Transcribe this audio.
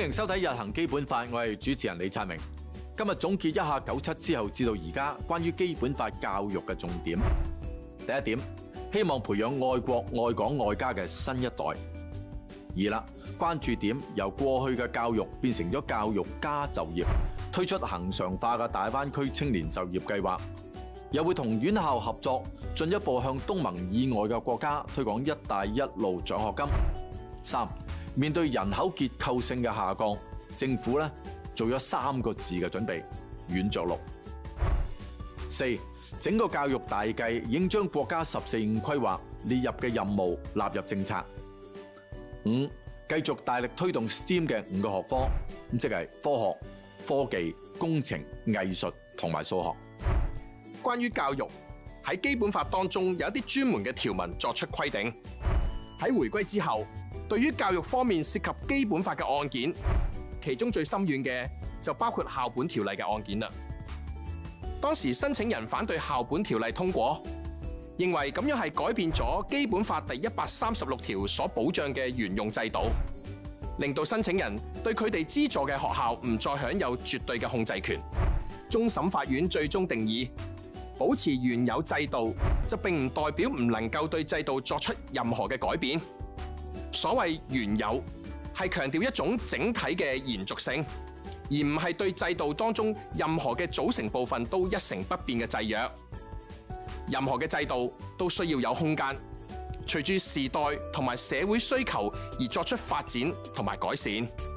歡迎收睇《日行基本法》，我係主持人李燦明。今日總結一下九七之後至到而家關於基本法教育嘅重點。第一點，希望培養愛國、愛港、愛家嘅新一代。二啦，關注點由過去嘅教育變成咗教育加就業，推出恒常化嘅大灣區青年就業計劃，又會同院校合作，進一步向東盟以外嘅國家推廣“一帶一路”獎學金。三。面對人口結構性嘅下降，政府咧做咗三個字嘅準備：軟著陸。四，整個教育大計已經將國家十四五規劃列入嘅任務納入政策。五，繼續大力推動 STEAM 嘅五個學科，即係科學、科技、工程、藝術同埋數學。關於教育喺基本法當中，有一啲專門嘅條文作出規定。喺回歸之後，對於教育方面涉及基本法嘅案件，其中最深遠嘅就包括校本條例嘅案件啦。當時申請人反對校本條例通過，認為咁樣係改變咗基本法第一百三十六條所保障嘅原用制度，令到申請人對佢哋資助嘅學校唔再享有絕對嘅控制權。終審法院最終定義。保持原有制度，就並唔代表唔能夠對制度作出任何嘅改變。所謂原有，係強調一種整體嘅延續性，而唔係對制度當中任何嘅組成部分都一成不變嘅制約。任何嘅制度都需要有空間，隨住時代同埋社會需求而作出發展同埋改善。